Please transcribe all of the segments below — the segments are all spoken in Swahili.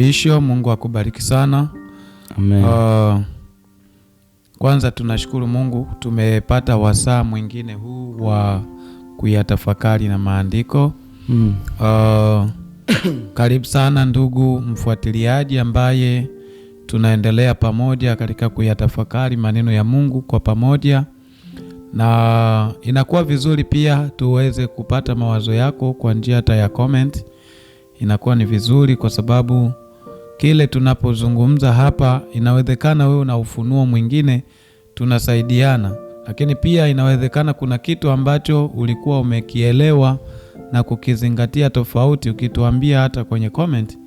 Bishop, Mungu akubariki sana. Amen. Uh, kwanza tunashukuru Mungu tumepata wasaa mwingine huu wa kuyatafakari na maandiko mm. Uh, karibu sana ndugu mfuatiliaji ambaye tunaendelea pamoja katika kuyatafakari maneno ya Mungu kwa pamoja, na inakuwa vizuri pia tuweze kupata mawazo yako kwa njia hata ya comment. Inakuwa ni vizuri kwa sababu Kile tunapozungumza hapa, inawezekana wewe una ufunuo mwingine, tunasaidiana, lakini pia inawezekana kuna kitu ambacho ulikuwa umekielewa na kukizingatia tofauti. Ukituambia hata kwenye comment,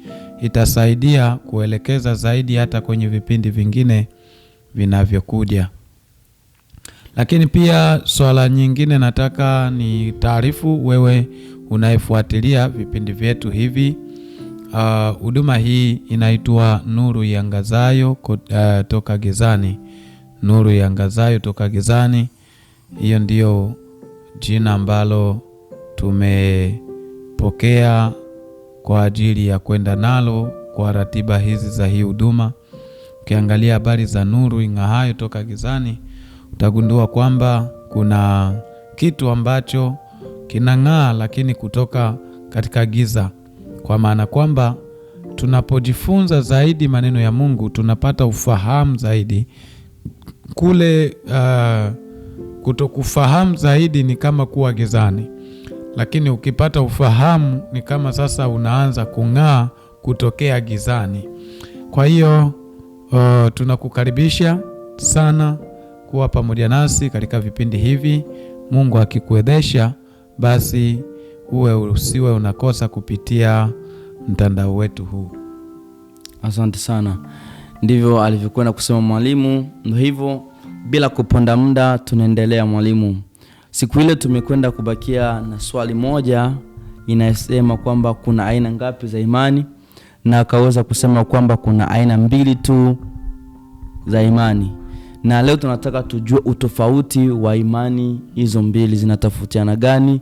itasaidia kuelekeza zaidi hata kwenye vipindi vingine vinavyokuja. Lakini pia swala nyingine nataka ni taarifu wewe unayefuatilia vipindi vyetu hivi Uh, huduma uh, hii inaitwa Nuru yangazayo uh, toka Gizani. Nuru yangazayo toka Gizani, hiyo ndiyo jina ambalo tumepokea kwa ajili ya kwenda nalo kwa ratiba hizi za hii huduma. Ukiangalia habari za Nuru ing'ahayo toka Gizani, utagundua kwamba kuna kitu ambacho kinang'aa, lakini kutoka katika giza kwa maana kwamba tunapojifunza zaidi maneno ya Mungu tunapata ufahamu zaidi. Kule uh, kutokufahamu zaidi ni kama kuwa gizani, lakini ukipata ufahamu ni kama sasa unaanza kung'aa kutokea gizani. Kwa hiyo uh, tunakukaribisha sana kuwa pamoja nasi katika vipindi hivi. Mungu akikuwezesha basi uwe usiwe unakosa kupitia mtandao wetu huu. Asante sana. Ndivyo alivyokwenda kusema mwalimu. Ndio hivyo, bila kuponda muda tunaendelea mwalimu. Siku ile tumekwenda kubakia na swali moja inayosema kwamba kuna aina ngapi za imani, na akaweza kusema kwamba kuna aina mbili tu za imani, na leo tunataka tujue utofauti wa imani hizo mbili, zinatofautiana gani?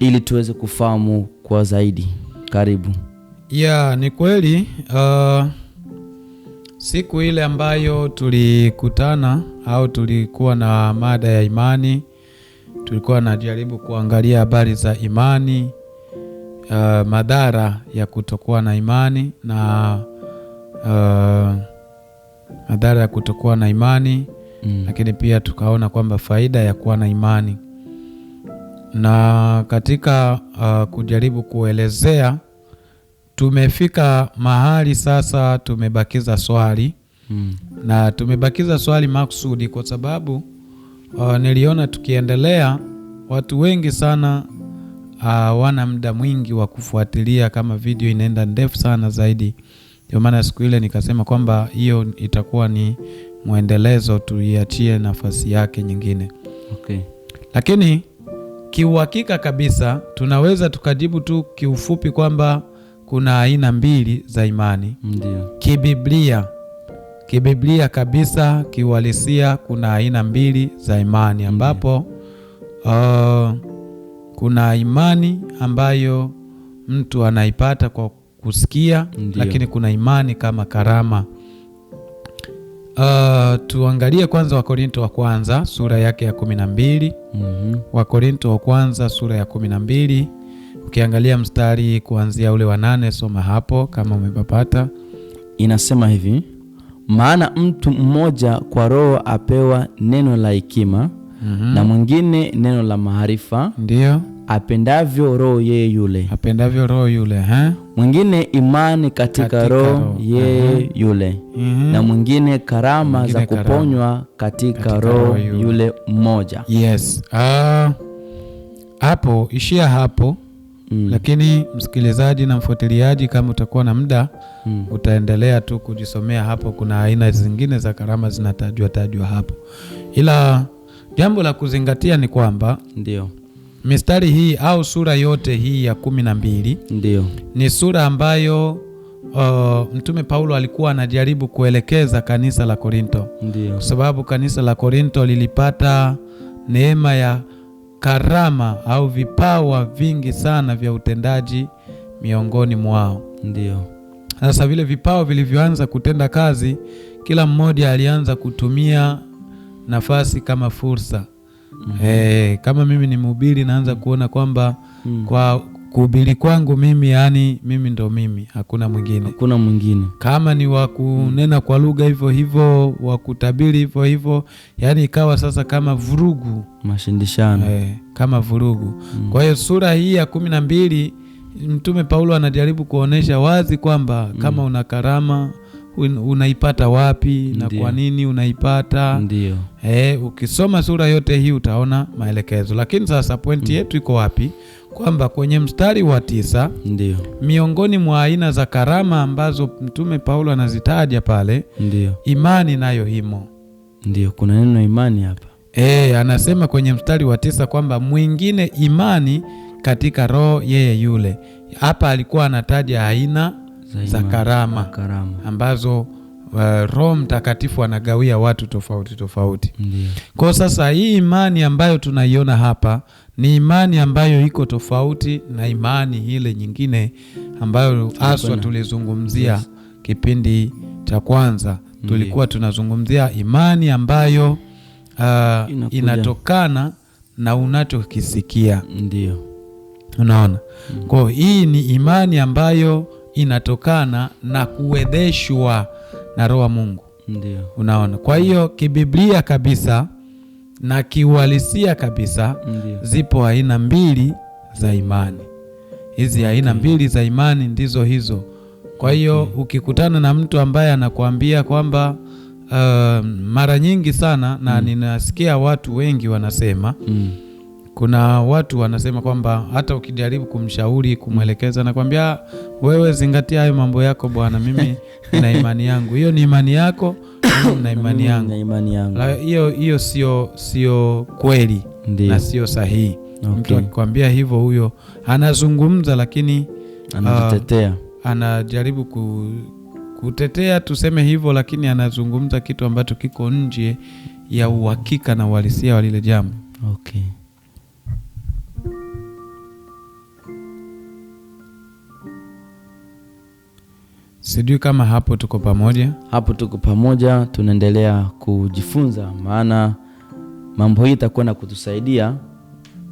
ili tuweze kufahamu kwa zaidi. Karibu. Yeah, ni kweli uh, siku ile ambayo tulikutana au tulikuwa na mada ya imani, tulikuwa najaribu kuangalia habari za imani uh, madhara ya kutokuwa na imani na uh, madhara ya kutokuwa na imani mm. Lakini pia tukaona kwamba faida ya kuwa na imani na katika uh, kujaribu kuelezea tumefika mahali sasa tumebakiza swali hmm. Na tumebakiza swali maksudi kwa sababu uh, niliona tukiendelea watu wengi sana uh, wana muda mwingi wa kufuatilia kama video inaenda ndefu sana zaidi. Ndio maana siku ile nikasema kwamba hiyo itakuwa ni mwendelezo, tuiachie nafasi yake nyingine okay. Lakini Kiuhakika kabisa tunaweza tukajibu tu kiufupi kwamba kuna aina mbili za imani. Ndiyo. Kibiblia, kibiblia kabisa, kiuhalisia kuna aina mbili za imani ambapo uh, kuna imani ambayo mtu anaipata kwa kusikia. Ndiyo. Lakini kuna imani kama karama Uh, tuangalie kwanza Wakorinto wa kwanza sura yake ya kumi na mbili. mm -hmm. Wakorinto wa kwanza sura ya kumi na mbili ukiangalia mstari kuanzia ule wa nane, soma hapo kama umepapata. Inasema hivi: maana mtu mmoja kwa Roho apewa neno la hekima mm -hmm. na mwingine neno la maarifa, ndio apendavyo Roho yeye yule, apendavyo Roho yule ha? Eh? mwingine imani katika, katika roho yeye uh -huh. yule uh mhm. -huh. na mwingine karama mwingine za kuponywa karama. katika, katika roho yule mmoja. Yes, ah, hapo uh, ishia hapo mm. Lakini msikilizaji na mfuatiliaji, kama utakuwa na muda mm. utaendelea tu kujisomea hapo. Kuna aina zingine za karama zinatajwa tajwa hapo, ila jambo la kuzingatia ni kwamba ndio mistari hii au sura yote hii ya kumi na mbili ndio ni sura ambayo Uh, Mtume Paulo alikuwa anajaribu kuelekeza kanisa la Korinto, kwa sababu kanisa la Korinto lilipata neema ya karama au vipawa vingi sana vya utendaji miongoni mwao. Ndio sasa vile vipawa vilivyoanza kutenda kazi, kila mmoja alianza kutumia nafasi kama fursa mm -hmm. E, kama mimi ni mhubiri naanza mhm. kuona kwamba mm -hmm. kwa kuhubiri kwangu mimi yani mimi ndo mimi, hakuna mwingine, hakuna mwingine. Kama ni wa kunena kwa lugha hivyo hivyo, wa kutabiri hivyo hivyo, yani ikawa sasa kama vurugu, mashindishano e, kama vurugu mm. Kwa hiyo sura hii ya kumi na mbili Mtume Paulo anajaribu kuonesha wazi kwamba mhm. kama mm. una karama unaipata wapi na kwa nini unaipata. Ndio. e, ukisoma sura yote hii utaona maelekezo, lakini sasa pointi mm. yetu iko wapi? Kwamba kwenye mstari wa tisa ndio miongoni mwa aina za karama ambazo Mtume Paulo anazitaja pale, ndio imani nayo himo. Ndio, kuna neno imani hapa eh, anasema kwenye mstari wa tisa kwamba mwingine imani katika roho yeye yule. Hapa alikuwa anataja aina za karama ambazo uh, Roho Mtakatifu anagawia watu tofauti tofauti. Kwa sasa hii imani ambayo tunaiona hapa ni imani ambayo iko tofauti na imani ile nyingine ambayo haswa tulizungumzia yes. Kipindi cha kwanza tulikuwa tunazungumzia imani ambayo uh, inatokana na unachokisikia. Ndio unaona, mm. kwa hiyo hii ni imani ambayo inatokana na kuwezeshwa na roho wa Mungu. Ndiyo. Unaona, kwa hiyo kibiblia kabisa na kiuhalisia kabisa. Ndiyo. Zipo aina mbili za imani. Hizi aina mbili za imani ndizo hizo. Kwa hiyo ukikutana na mtu ambaye anakuambia kwamba uh, mara nyingi sana na mm. ninasikia watu wengi wanasema mm. Kuna watu wanasema kwamba hata ukijaribu kumshauri, kumwelekeza, nakwambia wewe zingatia hayo mambo yako bwana, mimi na imani yangu. Hiyo ni imani yako na imani yangu na imani yangu. Hiyo hiyo sio sio kweli Ndiyo. na sio sahihi. Okay. Mtu akikwambia hivyo, huyo anazungumza lakini anajitetea, uh, anajaribu ku, kutetea tuseme hivyo, lakini anazungumza kitu ambacho kiko nje ya uhakika na uhalisia wa lile jambo. Okay. Sijui kama hapo tuko pamoja. Hapo tuko pamoja, tunaendelea kujifunza, maana mambo hii itakuwa na kutusaidia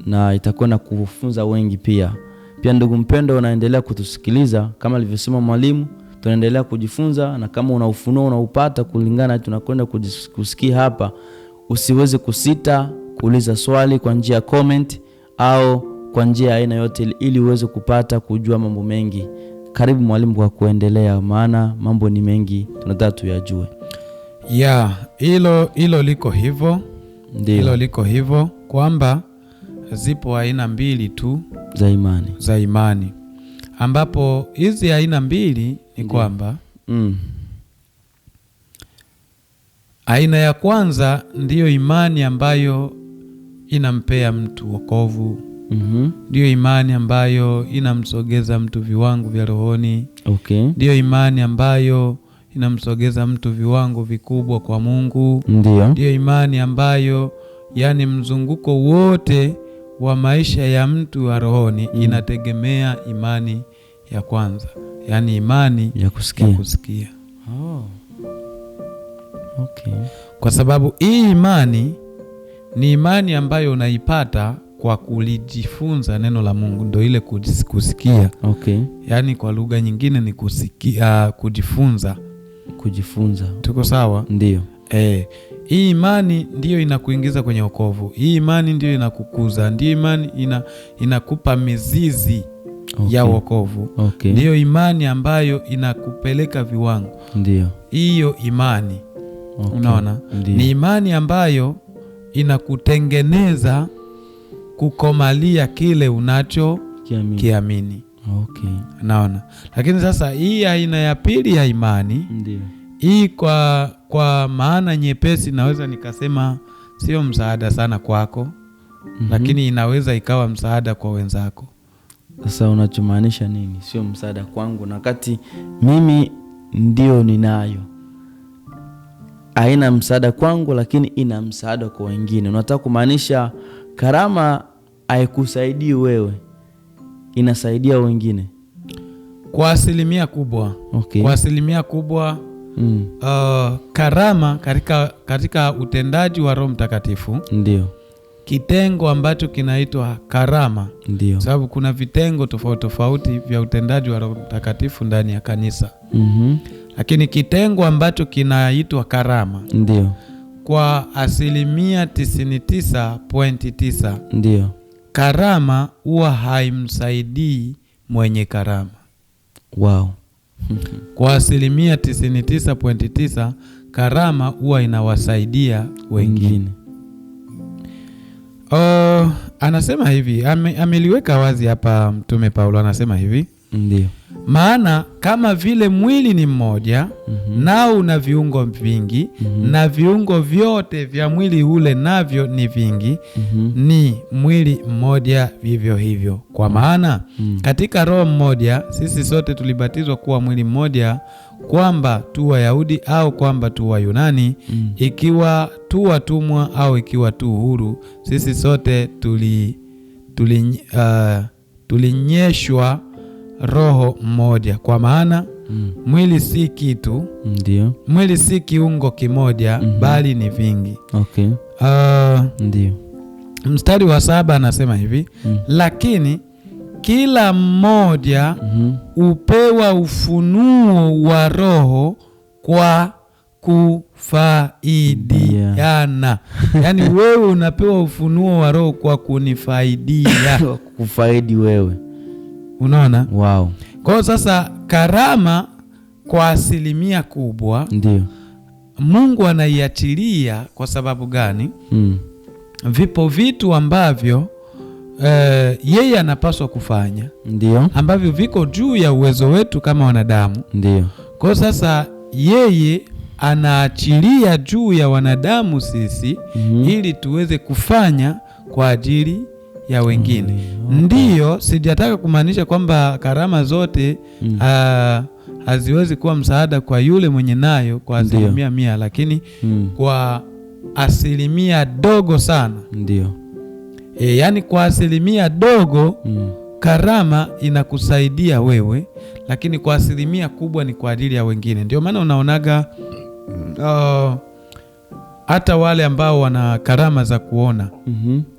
na itakuwa na kufunza wengi pia. Pia ndugu mpendo, unaendelea kutusikiliza, kama alivyosema mwalimu, tunaendelea kujifunza, na kama una ufunuo unaupata kulingana tunakwenda kusikia hapa, usiweze kusita kuuliza swali kwa njia ya comment au kwa njia ya aina yote, ili uweze kupata kujua mambo mengi. Karibu mwalimu kwa kuendelea, maana mambo ni mengi tunataka tuyajue. Ya hilo hilo liko hivyo, ndio hilo liko hivyo kwamba zipo aina mbili tu za imani, za imani ambapo hizi aina mbili ni kwamba mm. aina ya kwanza ndiyo imani ambayo inampea mtu wokovu Mm-hmm. ndiyo mm -hmm. imani ambayo inamsogeza mtu viwango vya rohoni. Okay. Ndiyo imani ambayo inamsogeza mtu viwango vikubwa kwa Mungu. Ndiyo, ndiyo imani ambayo yani mzunguko wote wa maisha ya mtu wa rohoni mm. inategemea imani ya kwanza, yaani imani ya kusikia, ya kusikia. Oh. Okay. Kwa sababu hii imani ni imani ambayo unaipata kwa kulijifunza neno la Mungu, ndo ile kusikia. Okay. Yaani kwa lugha nyingine ni kusikia, kujifunza, kujifunza. Tuko sawa? Ndio. e, hii imani ndiyo inakuingiza kwenye wokovu. Hii imani ndiyo inakukuza, ndiyo imani ina, inakupa mizizi Okay. ya wokovu. Okay. Ndiyo imani ambayo inakupeleka viwango. Ndio hiyo imani. Okay. Unaona, ni imani ambayo inakutengeneza kukomalia kile unacho kiamini, kiamini. Okay. Naona, lakini sasa hii aina ya pili ya imani hii kwa, kwa maana nyepesi naweza nikasema sio msaada sana kwako mm -hmm. lakini inaweza ikawa msaada kwa wenzako. Sasa unachomaanisha nini? Sio msaada kwangu, na wakati mimi ndio ninayo haina msaada kwangu, lakini ina msaada kwa wengine. Unataka kumaanisha karama haikusaidii wewe, inasaidia wengine kwa asilimia kubwa. Okay. Kwa asilimia kubwa mm. Uh, karama katika, katika utendaji wa Roho Mtakatifu ndio kitengo ambacho kinaitwa karama, ndio sababu kuna vitengo tofauti tofauti vya utendaji wa Roho Mtakatifu ndani ya kanisa mm -hmm. Lakini kitengo ambacho kinaitwa karama ndio kwa asilimia 99.9. Ndio karama huwa haimsaidii mwenye karama wow. kwa asilimia 99.9 karama huwa inawasaidia wengine. Uh, anasema hivi ame, ameliweka wazi hapa Mtume Paulo anasema hivi ndio maana kama vile mwili ni mmoja mm -hmm. nao una viungo vingi mm -hmm. na viungo vyote vya mwili ule navyo ni vingi mm -hmm. ni mwili mmoja vivyo hivyo. Kwa maana mm -hmm. katika roho mmoja sisi sote tulibatizwa kuwa mwili mmoja, kwamba tu Wayahudi au kwamba tu Wayunani mm -hmm. ikiwa tu watumwa au ikiwa tu huru, sisi sote tuli tulinyeshwa tuli, uh, tulinyeshwa roho mmoja, kwa maana mm. mwili si kitu ndio, mwili si kiungo kimoja mm -hmm. bali ni vingi. Okay. Uh, ndio mstari wa saba anasema hivi mm. lakini kila mmoja mm -hmm. upewa ufunuo wa roho kwa kufaidiana. Yeah. Yaani wewe unapewa ufunuo wa roho kwa kunifaidia kufaidi wewe Unaona? Wow. kwao sasa karama kwa asilimia kubwa ndio Mungu anaiachilia. Kwa sababu gani? mm. vipo vitu ambavyo Uh, yeye anapaswa kufanya ndio ambavyo viko juu ya uwezo wetu kama wanadamu. Ndio kwa sasa yeye anaachilia juu ya wanadamu sisi mm -hmm. ili tuweze kufanya kwa ajili ya wengine. Mm. Ndiyo, sijataka kumaanisha kwamba karama zote mm. uh, haziwezi kuwa msaada kwa yule mwenye nayo kwa asilimia mia, lakini mm. kwa asilimia dogo sana ndio. E, yaani kwa asilimia dogo mm. karama inakusaidia wewe, lakini kwa asilimia kubwa ni kwa ajili ya wengine. Ndio maana unaonaga oh, hata uh, wale ambao wana karama za kuona mm -hmm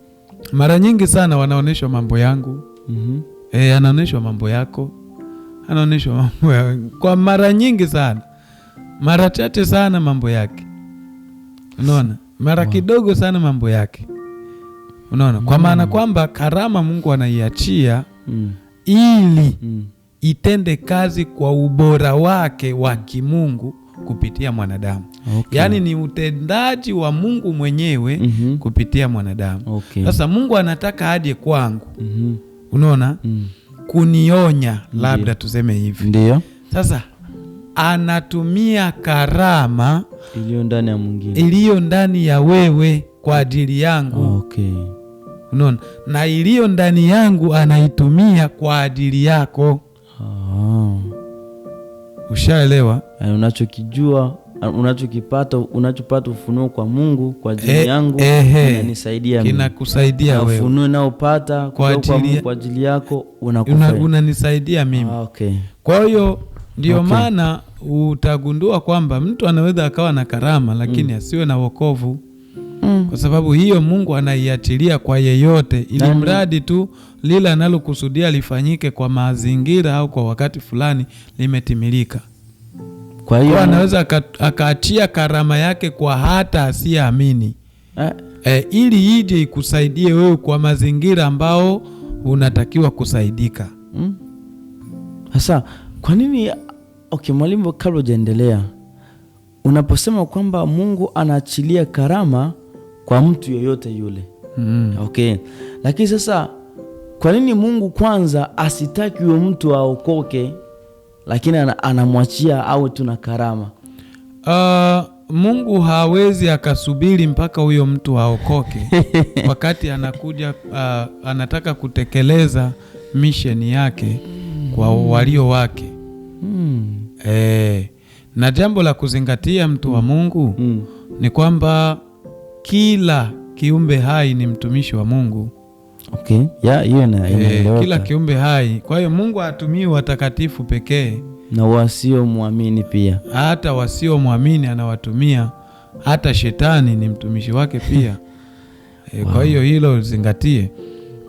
mara nyingi sana wanaonyeshwa mambo yangu mm -hmm. E, anaonyeshwa mambo yako, anaonyeshwa mambo ya kwa mara nyingi sana, mara chache sana mambo yake, unaona, mara wow. kidogo sana mambo yake, unaona kwa mm. maana kwamba karama Mungu anaiachia mm. ili mm. itende kazi kwa ubora wake wa mm. kimungu kupitia mwanadamu okay. Yaani ni utendaji wa Mungu mwenyewe mm -hmm. kupitia mwanadamu okay. Sasa Mungu anataka aje kwangu mm -hmm. unaona mm. kunionya labda Ndiyo. tuseme hivi Ndiyo. Sasa anatumia karama iliyo ndani ya mwingine, iliyo ndani ya wewe kwa ajili yangu okay. unaona, na iliyo ndani yangu anaitumia kwa ajili yako Ushaelewa unachokijua unachokipata unachopata ufunuo kwa Mungu kwa ajili e, yangu inanisaidia mimi, kinakusaidia wewe. Ufunuo naopata kwa ajili kwa ajili yako unanisaidia una mimi ah, okay. Kwa hiyo ndio maana Utagundua kwamba mtu anaweza akawa na karama lakini mm. asiwe na wokovu mm. Kwa sababu hiyo Mungu anaiachilia kwa yeyote, ili mradi tu lile analokusudia lifanyike kwa mazingira au kwa wakati fulani limetimilika. Kwa hiyo anaweza akaachia karama yake kwa hata asiyeamini eh. E, ili ije ikusaidie wewe kwa mazingira ambao unatakiwa kusaidika mm. kwa nini? Okay, mwalimu, kabla hujaendelea, unaposema kwamba Mungu anaachilia karama kwa mtu yoyote yule mm. Okay, lakini sasa kwa nini Mungu kwanza asitaki huyo mtu aokoke, lakini anamwachia awe tu na karama? Uh, Mungu hawezi akasubiri mpaka huyo mtu aokoke wakati anakuja uh, anataka kutekeleza misheni yake kwa walio wake mm. E, na jambo la kuzingatia mtu wa mm. Mungu mm. ni kwamba kila kiumbe hai ni mtumishi wa Mungu. Okay. Yeah, e, kila kiumbe hai. Kwa hiyo Mungu atumii watakatifu pekee na wasiomwamini pia, hata wasiomwamini anawatumia. Hata shetani ni mtumishi wake pia e, wow. Kwa hiyo hilo zingatie,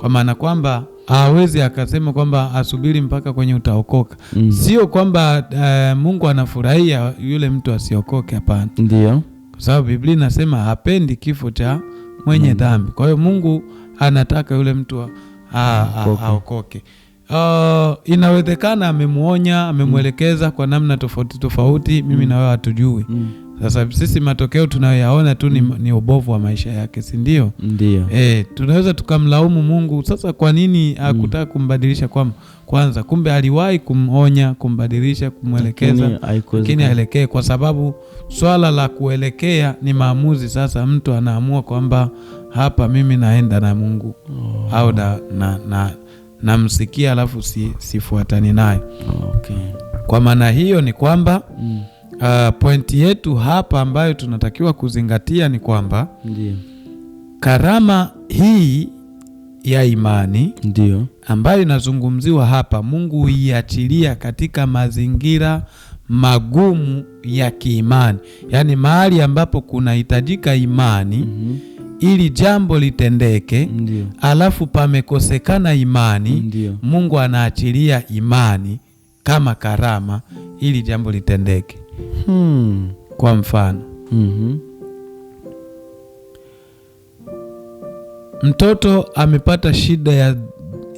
kwa maana kwamba hawezi akasema kwamba asubiri mpaka kwenye utaokoka. mm. Sio kwamba uh, Mungu anafurahia yule mtu asiokoke, hapana, ndio kwa sababu Biblia inasema hapendi kifo cha mwenye mm. dhambi. Kwa hiyo Mungu anataka yule mtu aokoke. Uh, inawezekana amemwonya, amemwelekeza kwa namna tofauti tofauti, mimi mm. na wewe hatujui mm. Sasa sisi matokeo tunayoyaona tu ni, mm. ni ubovu wa maisha yake, si ndio? Ndio. Eh, tunaweza tukamlaumu Mungu sasa, kwa nini mm. hakutaka kumbadilisha kwamba kwanza. Kumbe aliwahi kumonya kumbadilisha, kumwelekeza, lakini aelekee, kwa sababu swala la kuelekea ni maamuzi. Sasa mtu anaamua kwamba hapa mimi naenda na Mungu oh. au na, na, na, namsikia alafu si, sifuatani naye okay. Kwa maana hiyo ni kwamba mm. uh, pointi yetu hapa ambayo tunatakiwa kuzingatia ni kwamba karama hii ya imani ndio ambayo inazungumziwa hapa. Mungu huiachilia katika mazingira magumu ya kiimani, yaani mahali ambapo kunahitajika imani mm -hmm ili jambo litendeke. Ndiyo. Alafu pamekosekana imani. Ndiyo. Mungu anaachilia imani kama karama ili jambo litendeke. Hmm. Kwa mfano mm -hmm. mtoto amepata shida ya,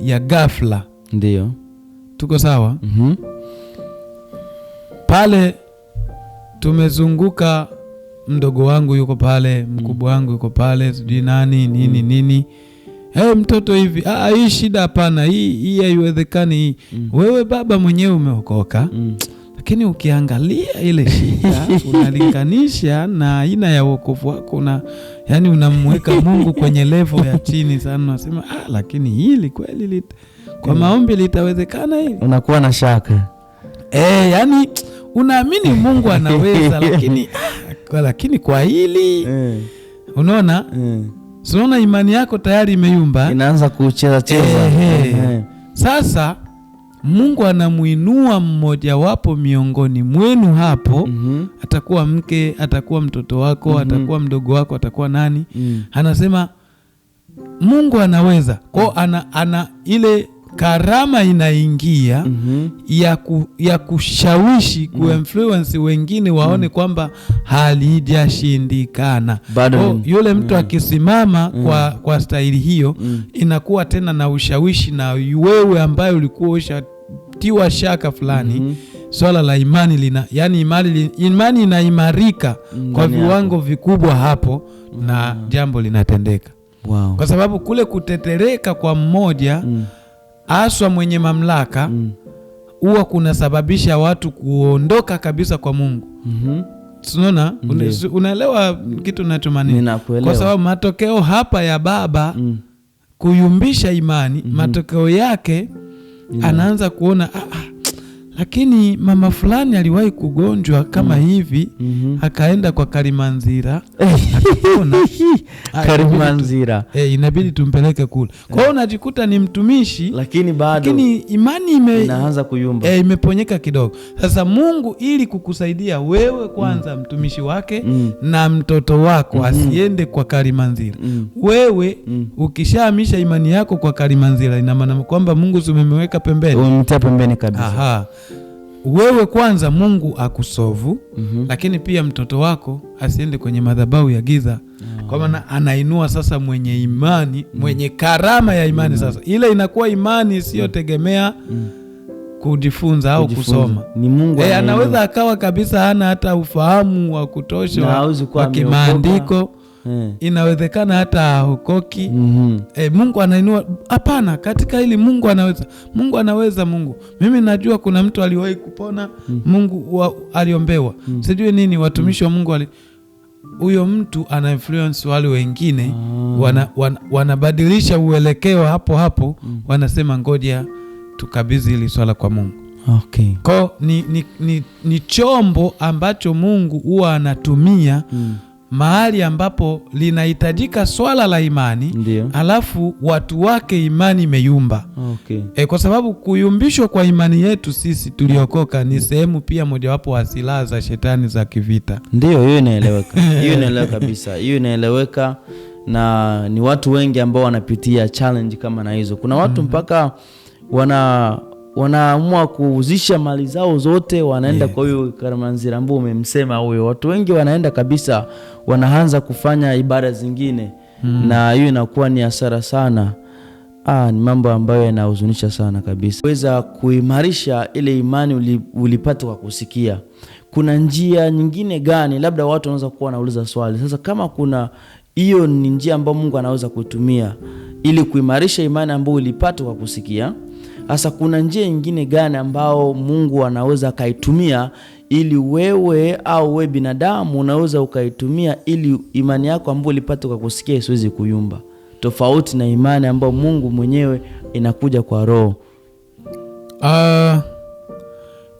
ya ghafla, ndio tuko sawa mm -hmm. pale tumezunguka mdogo wangu yuko pale, mkubwa mm. wangu yuko pale, sijui nani nini mm. nini hey, mtoto hivi, ah, ah, hii shida hapana, hii hii haiwezekani hii mm. Wewe baba mwenyewe umeokoka mm. Lakini ukiangalia ile shida unalinganisha na aina ya wokovu wako na yani unamweka Mungu kwenye levo ya chini sana, unasema ah, lakini hili kweli lit... kwa mm. maombi litawezekana hili? Unakuwa na shaka e, eh, yani unaamini Mungu anaweza lakini, ah, lakini kwa hili e. Unaona e. Unaona imani yako tayari imeyumba, inaanza kucheza cheza e, e. Sasa Mungu anamuinua mmojawapo miongoni mwenu hapo. mm -hmm. Atakuwa mke, atakuwa mtoto wako. mm -hmm. Atakuwa mdogo wako, atakuwa nani. mm. Anasema Mungu anaweza kwao, ana, ana ile karama inaingia mm -hmm. ya, ku, ya kushawishi mm -hmm. kuinfluence wengine waone mm -hmm. kwamba halijashindikana. Yule mtu mm -hmm. akisimama mm -hmm. kwa, kwa staili hiyo mm -hmm. inakuwa tena na ushawishi na wewe ambaye ulikuwa usha kutiwa shaka fulani mm -hmm. Swala la imani lina yani imani, imani inaimarika mm, kwa viwango hapo vikubwa hapo mm -hmm. na jambo linatendeka wow. Kwa sababu kule kutetereka kwa mmoja mm. aswa mwenye mamlaka mm. huwa mm. kunasababisha watu kuondoka kabisa kwa Mungu mm -hmm. Unaona, unaelewa kitu nachomaanisha, kwa sababu matokeo hapa ya baba mm. kuyumbisha imani mm -hmm. matokeo yake anaanza kuona ah, lakini mama fulani aliwahi kugonjwa kama mm. hivi mm -hmm. akaenda kwa Kalimanzira eh. akapona. Kalimanzira eh, inabidi tumpeleke kule. Kwa hiyo eh. unajikuta ni mtumishi, lakini bado lakini imani ime, inaanza kuyumba eh, imeponyeka kidogo. Sasa Mungu ili kukusaidia wewe kwanza mm. mtumishi wake mm. na mtoto wako mm -hmm. asiende kwa Kalimanzira mm. wewe mm. ukishahamisha imani yako kwa Kalimanzira, ina maana kwamba Mungu si umemweka pembeni, umemtia pembeni kabisa. Aha wewe kwanza Mungu akusovu mm -hmm. Lakini pia mtoto wako asiende kwenye madhabau ya giza ah. Kwa maana anainua sasa mwenye imani mm Mwenye karama ya imani mm -hmm. Sasa ile inakuwa imani isiyotegemea mm -hmm. kujifunza au Kusoma ni Mungu e, anaweza akawa kabisa hana hata ufahamu wa kutosha wa kimaandiko mm. inawezekana hata haokoki mm -hmm. E, eh, Mungu anainua. Hapana, katika hili Mungu anaweza, Mungu anaweza. Mungu mimi najua kuna mtu aliwahi kupona mm. Mungu wa, aliombewa mm. sijui nini, hmm. watumishi wa Mungu wali huyo mtu ana influence wale wengine ah. wana, wana, wanabadilisha uelekeo hapo hapo mm. wanasema ngoja tukabidhi hili swala kwa Mungu okay. Ko ni, ni, ni, ni chombo ambacho Mungu huwa anatumia mm mahali ambapo linahitajika swala la imani Ndiyo. Alafu watu wake imani imeyumba okay. E, kwa sababu kuyumbishwa kwa imani yetu sisi tuliokoka ni sehemu pia mojawapo wa silaha za shetani za kivita. Ndio, hiyo inaeleweka, hiyo inaeleweka kabisa, hiyo inaeleweka na ni watu wengi ambao wanapitia challenge kama na hizo. Kuna watu mm -hmm. mpaka wana wanaamua kuuzisha mali zao zote, wanaenda yeah. Kwa huyo Karamanzira ambao umemsema huyo, watu wengi wanaenda kabisa wanaanza kufanya ibada zingine mm. na hiyo inakuwa ni hasara sana. Ah, ni mambo ambayo yanahuzunisha sana kabisa. Weza kuimarisha ile imani ulipata kwa kusikia. Kuna njia nyingine gani? Labda watu wanaweza kuwa wanauliza swali sasa, kama kuna hiyo ni njia ambayo Mungu anaweza kuitumia ili kuimarisha imani ambayo ulipata kwa kusikia. Sasa kuna njia nyingine gani ambao Mungu anaweza akaitumia ili wewe au we binadamu unaweza ukaitumia ili imani yako ambayo ulipata kwa kusikia isiwezi kuyumba, tofauti na imani ambayo Mungu mwenyewe inakuja kwa roho. Uh,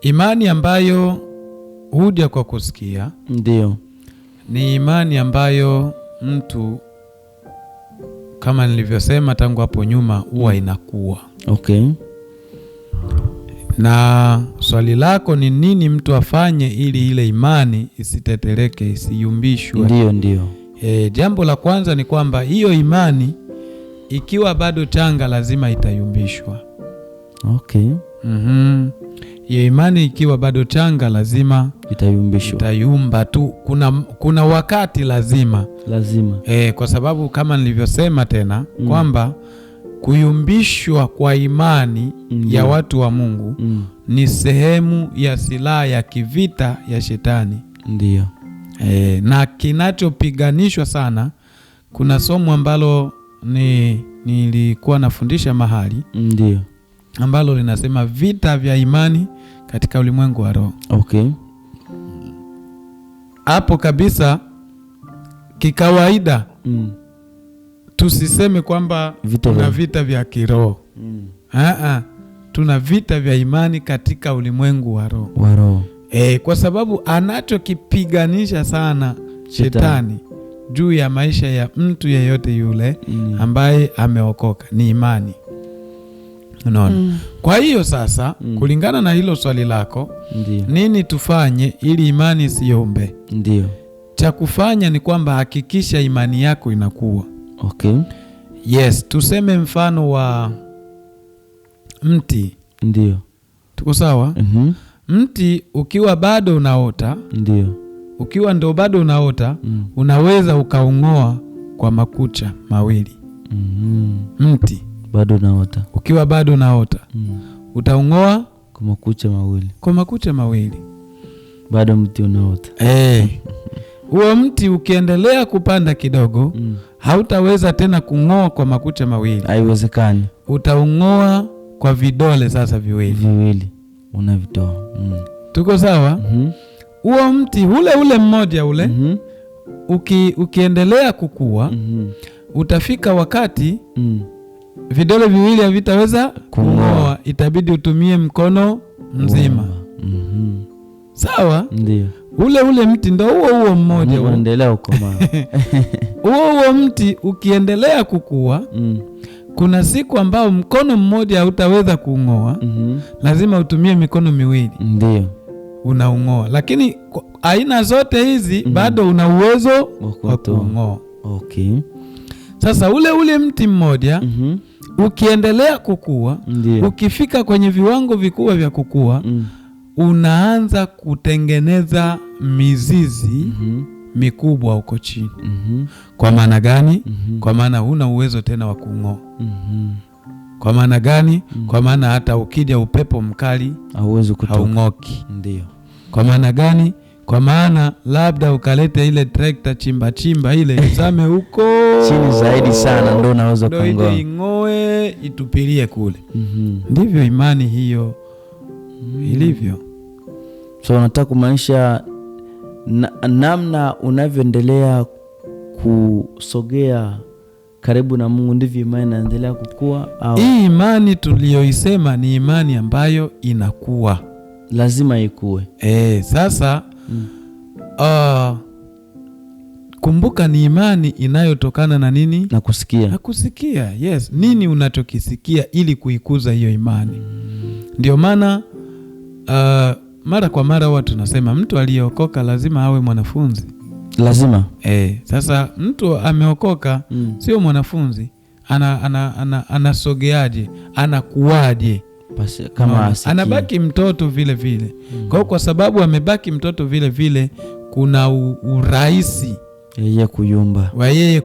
imani ambayo huja kwa kusikia ndio ni imani ambayo mtu kama nilivyosema tangu hapo nyuma huwa inakuwa okay. Na swali lako ni nini mtu afanye ili ile imani isitetereke, isiyumbishwe? Ndio, ndio. E, jambo la kwanza ni kwamba hiyo imani ikiwa bado changa lazima itayumbishwa. Okay. Mm-hmm. Hiyo imani ikiwa bado changa lazima itayumbishwa, itayumba tu. Kuna, kuna wakati lazima lazima, e, kwa sababu kama nilivyosema tena mm. kwamba Kuyumbishwa kwa imani mm. ya watu wa Mungu mm. ni sehemu ya silaha ya kivita ya Shetani. Ndio. E, na kinachopiganishwa sana, kuna somo ambalo ni nilikuwa nafundisha mahali ndio, ambalo linasema vita vya imani katika ulimwengu wa roho. Okay. Hapo kabisa kikawaida mm tusiseme kwamba tuna vita vya kiroho mm. tuna vita vya imani katika ulimwengu wa roho e, kwa sababu anachokipiganisha sana shetani juu ya maisha ya mtu yeyote yule mm. ambaye ameokoka ni imani unaona mm. Kwa hiyo sasa mm. kulingana na hilo swali lako Ndiyo. nini tufanye ili imani isiyombe? Ndio cha kufanya ni kwamba hakikisha imani yako inakuwa Okay. Yes, tuseme mfano wa mti. Ndio. Tuko sawa? mm -hmm. Mti ukiwa bado unaota. Ndio. Ukiwa ndo bado unaota mm. Unaweza ukaung'oa kwa makucha mawili mm -hmm. Mti bado unaota, ukiwa bado unaota mm. Utaung'oa kwa makucha mawili, kwa makucha mawili, bado mti unaota eh. huo. mti ukiendelea kupanda kidogo mm hautaweza tena kung'oa kwa makucha mawili, haiwezekani. Utaung'oa kwa vidole sasa viwili, viwili unavitoa. mm. tuko sawa mm-hmm. huo. mm -hmm. mti ule ule mmoja ule mm -hmm. uki, ukiendelea kukua mm -hmm. utafika wakati mm. vidole viwili havitaweza kung'oa, itabidi utumie mkono mzima. mm -hmm. Sawa, ndio ule ule mti ndo huo huo mmoja unaendelea kukomaa. Huo huo mti ukiendelea kukua mm. kuna siku ambao mkono mmoja hautaweza kuung'oa mm -hmm. lazima utumie mikono miwili ndio unaung'oa, lakini aina zote hizi mm -hmm. bado una uwezo wa kuung'oa. Okay. Sasa ule ule mti mmoja mm -hmm ukiendelea kukua Ndiyo. Ukifika kwenye viwango vikubwa vya kukua mm. Unaanza kutengeneza mizizi mm -hmm mikubwa huko chini mm -hmm. Kwa maana gani? mm -hmm. Kwa maana huna uwezo tena wa kung'oa mm -hmm. Kwa maana gani? mm -hmm. Kwa maana hata ukija upepo mkali hauwezi kutoka, haung'oki. Ndio. Kwa maana gani? Kwa maana labda ukalete ile trekta chimba chimba ile izame huko chini zaidi sana, ndio unaweza kung'oa, ing'oe itupilie kule. mm -hmm. Ndivyo imani hiyo mhm. ilivyo. So unataka kumaanisha na, namna unavyoendelea kusogea karibu na Mungu ndivyo imani inaendelea kukua au? Hii imani tuliyoisema ni imani ambayo inakuwa lazima ikue. E, sasa mm. uh, kumbuka ni imani inayotokana na nini? Na kusikia. Na kusikia, yes. Nini unachokisikia ili kuikuza hiyo imani? Mm. Ndio maana uh, mara kwa mara huwa tunasema mtu aliyeokoka lazima awe mwanafunzi lazima. E, sasa mtu ameokoka mm. sio mwanafunzi, anasogeaje? ana, ana, ana anakuwaje? kama anabaki mtoto vile vile mm. Kwa kwa sababu amebaki mtoto vile vile, kuna urahisi yeye kuyumba wa yeye